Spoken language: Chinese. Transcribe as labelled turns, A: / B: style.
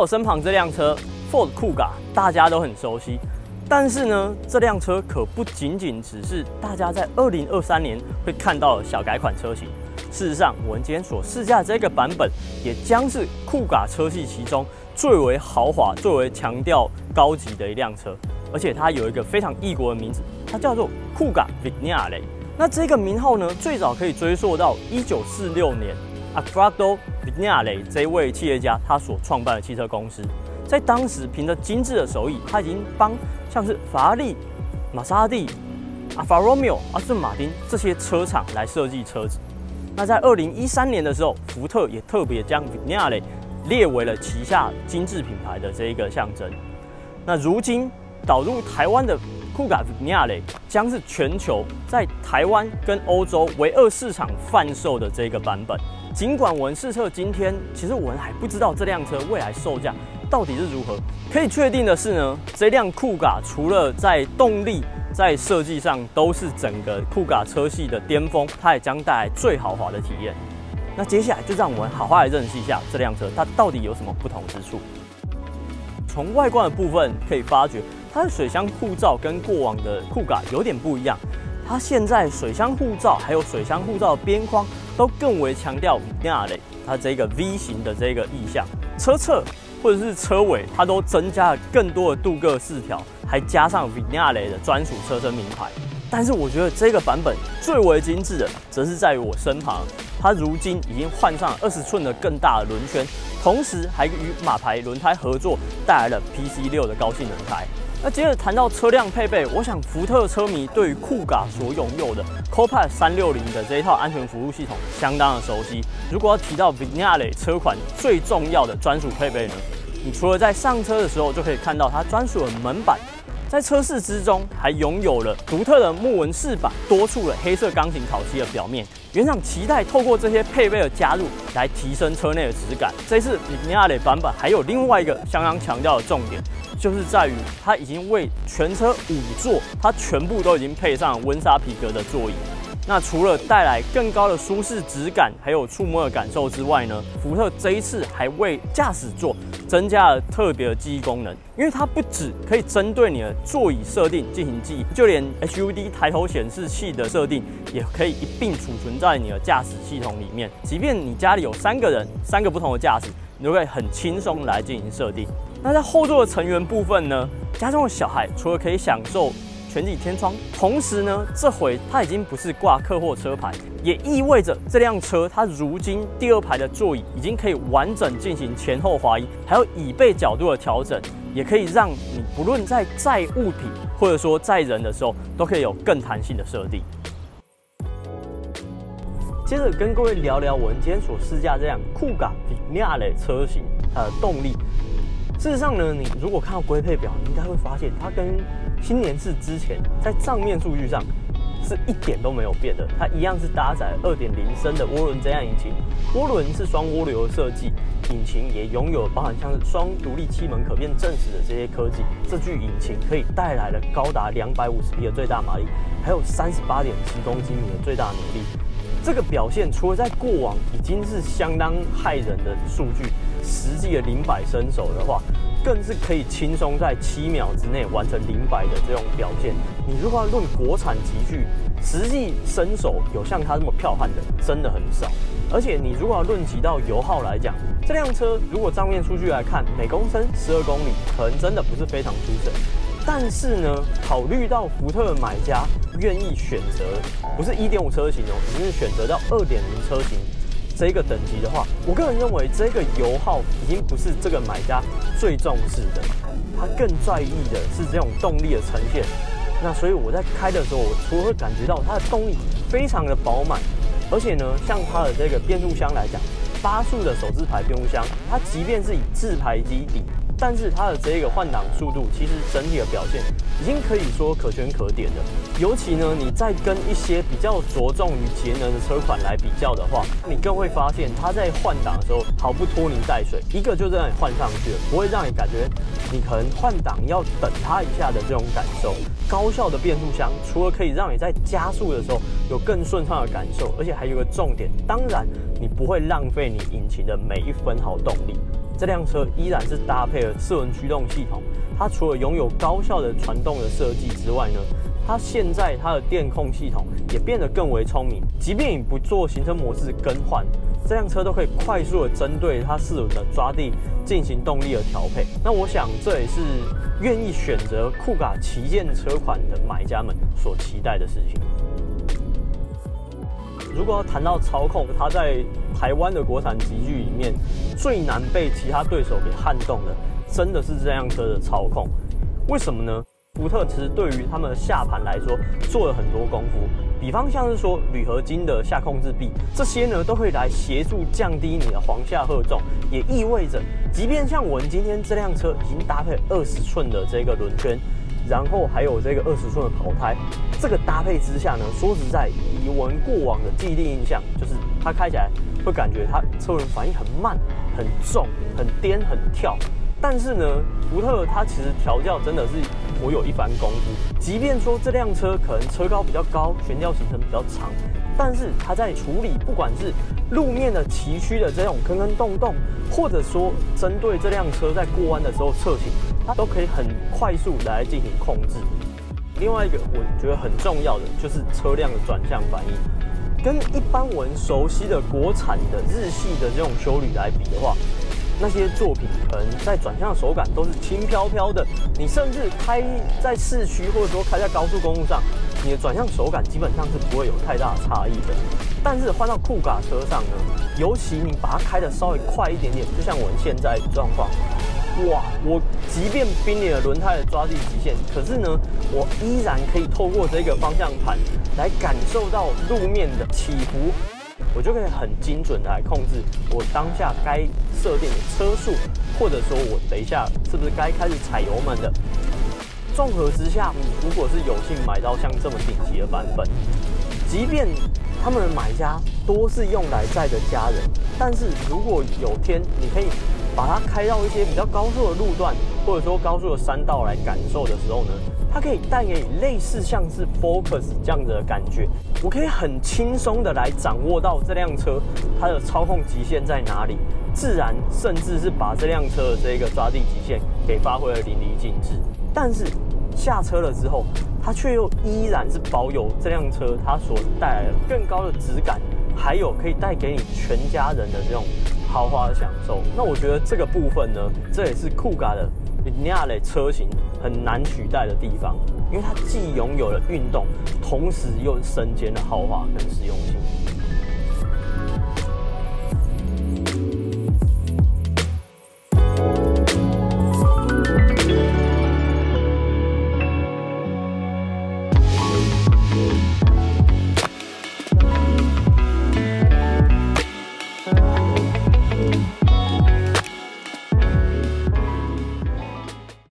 A: 我身旁这辆车 Ford 酷嘎 a 大家都很熟悉，但是呢，这辆车可不仅仅只是大家在二零二三年会看到的小改款车型。事实上，我们今天所试驾这个版本，也将是酷嘎车系其中最为豪华、最为强调高级的一辆车。而且它有一个非常异国的名字，它叫做酷嘎 Vignale。那这个名号呢，最早可以追溯到一九四六年，Afrado。Vignale 这一位企业家，他所创办的汽车公司，在当时凭着精致的手艺，他已经帮像是法拉利、玛莎拉蒂、阿法罗密欧、阿斯顿马丁这些车厂来设计车子。那在二零一三年的时候，福特也特别将 Vignale 列为了旗下精致品牌的这一个象征。那如今导入台湾的酷卡 g a t Vignale，将是全球在台湾跟欧洲唯二市场贩售的这个版本。尽管我们试车今天，其实我们还不知道这辆车未来售价到底是如何。可以确定的是呢，这辆酷咖除了在动力、在设计上都是整个酷咖车系的巅峰，它也将带来最豪华的体验。那接下来就让我们好好来认识一下这辆车，它到底有什么不同之处。从外观的部分可以发觉，它的水箱护罩跟过往的酷咖有点不一样，它现在水箱护罩还有水箱护罩边框。都更为强调 a 纳雷它这个 V 型的这个意象，车侧或者是车尾，它都增加了更多的镀铬饰条，还加上 v i n a l 雷的专属车身名牌。但是我觉得这个版本最为精致的，则是在于我身旁，它如今已经换上二十寸的更大的轮圈，同时还与马牌轮胎合作带来了 PC 六的高性能胎。那接着谈到车辆配备，我想福特车迷对于酷卡所拥有的 Copilot 360的这一套安全服务系统相当的熟悉。如果要提到 v i g n a l e 车款最重要的专属配备呢？你除了在上车的时候就可以看到它专属的门板，在车室之中还拥有了独特的木纹饰板，多处的黑色钢琴烤漆的表面，原厂期待透过这些配备的加入来提升车内的质感。这次 v i g n a l e 版本还有另外一个相当强调的重点。就是在于它已经为全车五座，它全部都已经配上温莎皮革的座椅。那除了带来更高的舒适质感，还有触摸的感受之外呢，福特这一次还为驾驶座增加了特别的记忆功能。因为它不止可以针对你的座椅设定进行记忆，就连 HUD 抬头显示器的设定也可以一并储存在你的驾驶系统里面。即便你家里有三个人，三个不同的驾驶，你都可以很轻松来进行设定。那在后座的成员部分呢？家中的小孩除了可以享受全景天窗，同时呢，这回它已经不是挂客货车牌，也意味着这辆车它如今第二排的座椅已经可以完整进行前后滑移，还有椅背角度的调整，也可以让你不论在载物品或者说载人的时候，都可以有更弹性的设定。接着跟各位聊聊我今天所试驾这辆酷卡比亚的车型，它的动力。事实上呢，你如果看到规配表，你应该会发现它跟新年式之前在账面数据上是一点都没有变的。它一样是搭载二点零升的涡轮增压引擎，涡轮是双涡流设计，引擎也拥有包含像是双独立气门可变正时的这些科技。这具引擎可以带来了高达两百五十匹的最大马力，还有三十八点七公斤米的最大扭力。这个表现除了在过往已经是相当骇人的数据，实际的零百身手的话，更是可以轻松在七秒之内完成零百的这种表现。你如果要论国产集具，实际身手有像它这么彪悍的，真的很少。而且你如果要论及到油耗来讲，这辆车如果账面数据来看，每公升十二公里，可能真的不是非常出色。但是呢，考虑到福特的买家愿意选择不是一点五车型哦，只是选择到二点零车型这个等级的话，我个人认为这个油耗已经不是这个买家最重视的，他更在意的是这种动力的呈现。那所以我在开的时候，我除了会感觉到它的动力非常的饱满，而且呢，像它的这个变速箱来讲，八速的手自排变速箱，它即便是以自排机底。但是它的这个换挡速度，其实整体的表现已经可以说可圈可点的。尤其呢，你再跟一些比较着重于节能的车款来比较的话，你更会发现它在换挡的时候毫不拖泥带水，一个就是让你换上去，不会让你感觉你可能换挡要等它一下的这种感受。高效的变速箱除了可以让你在加速的时候有更顺畅的感受，而且还有个重点，当然你不会浪费你引擎的每一分好动力。这辆车依然是搭配了四轮驱动系统，它除了拥有高效的传动的设计之外呢，它现在它的电控系统也变得更为聪明，即便你不做行车模式更换，这辆车都可以快速的针对它四轮的抓地进行动力的调配。那我想这也是愿意选择酷卡旗舰车款的买家们所期待的事情。如果要谈到操控，它在台湾的国产级具里面最难被其他对手给撼动的，真的是这辆车的操控。为什么呢？福特其实对于他们的下盘来说做了很多功夫，比方像是说铝合金的下控制臂，这些呢都会来协助降低你的簧下荷重，也意味着，即便像我们今天这辆车已经搭配二十寸的这个轮圈。然后还有这个二十寸的跑胎，这个搭配之下呢，说实在，以我过往的既定印象，就是它开起来会感觉它车轮反应很慢、很重、很颠、很跳。但是呢，福特它其实调教真的是颇有一番功夫，即便说这辆车可能车高比较高，悬吊行程比较长。但是它在处理不管是路面的崎岖的这种坑坑洞洞，或者说针对这辆车在过弯的时候侧倾，它都可以很快速来进行控制。另外一个我觉得很重要的就是车辆的转向反应，跟一般我们熟悉的国产的、日系的这种修理来比的话，那些作品可能在转向手感都是轻飘飘的。你甚至开在市区，或者说开在高速公路上。你的转向手感基本上是不会有太大的差异的，但是换到酷卡车上呢，尤其你把它开的稍微快一点点，就像我现在状况，哇，我即便濒临了轮胎的抓地极限，可是呢，我依然可以透过这个方向盘来感受到路面的起伏，我就可以很精准的来控制我当下该设定的车速，或者说我等一下是不是该开始踩油门的。综合之下，你如果是有幸买到像这么顶级的版本，即便他们的买家多是用来载的家人，但是如果有天你可以把它开到一些比较高速的路段，或者说高速的山道来感受的时候呢，它可以带给你类似像是 Focus 这样子的感觉，我可以很轻松的来掌握到这辆车它的操控极限在哪里，自然甚至是把这辆车的这个抓地极限给发挥的淋漓尽致，但是。下车了之后，它却又依然是保有这辆车它所带来的更高的质感，还有可以带给你全家人的这种豪华的享受。那我觉得这个部分呢，这也是酷咖的尼亚雷车型很难取代的地方，因为它既拥有了运动，同时又身兼了豪华跟实用性。